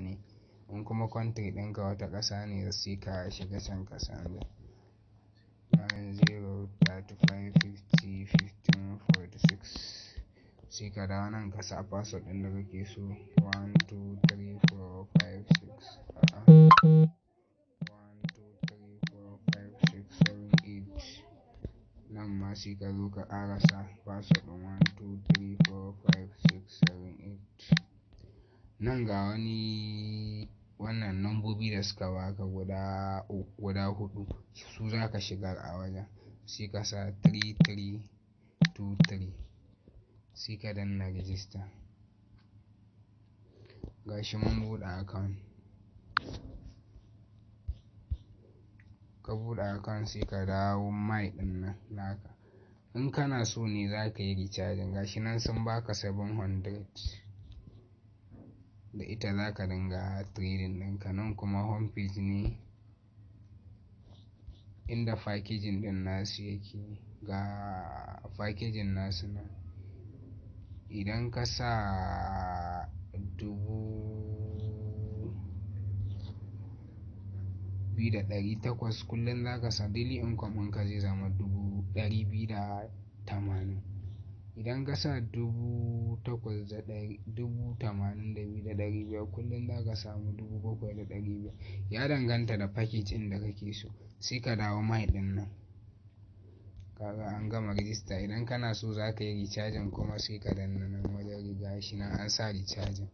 ne in kuma country ɗinka wata ƙasa ne sai ka shiga can ka canza 0 35 50 15 sai ka dawo nan ka sa password ɗin da kake so 1-2-3-4-5-6 nan ma sai ka zo ka ƙarasa password ɗin nan ga wani wannan nambobi da suka baka guda guda huɗu su za ka shigar a wajen sai ka sa 3323 sai ka danna register gashi mun buɗe account ka buɗe account sai ka dawo mai ɗin nan naka in kana so ne za ka yi recharging gashi nan sun baka 700 da ita za ka dinga trading ɗinka nan kuma home page ne inda packaging ɗin nasu yake ga packaging nasu nan idan ka sa dubu biyu da ɗari takwas kullum za ka sa daily income ɗinka zai zama dubu ɗari biyu da tamanin Idan ka sa dubu takwas da ɗari, dubu tamanin da biyu da ɗari biyar kullum za ka samu dubu bakwai da ɗari biyar. Ya danganta da package ɗin da kake so. Sai ka dawo mai ɗin nan. Kaga an gama register. Idan kana so za ka yi recharging kuma sai ka danna nan wajen gashi nan an sa recharging.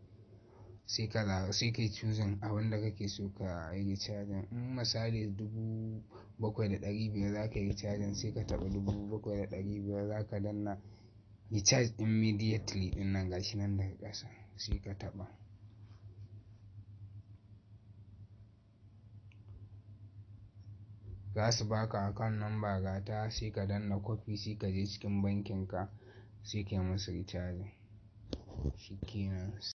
Sai ka dawo, sai ka yi choosing abin da kake so ka yi recharging. In misali dubu bakwai da ɗari biyar za ka yi recharging sai ka taɓa dubu bakwai da ɗari biyar za ka danna. charge immediately din nan gashi nan daga ƙasa sai ka taɓa za su baka account number ga ta sai ka danna copy sai ka je cikin bankin ka sai kai musu recharging shikenan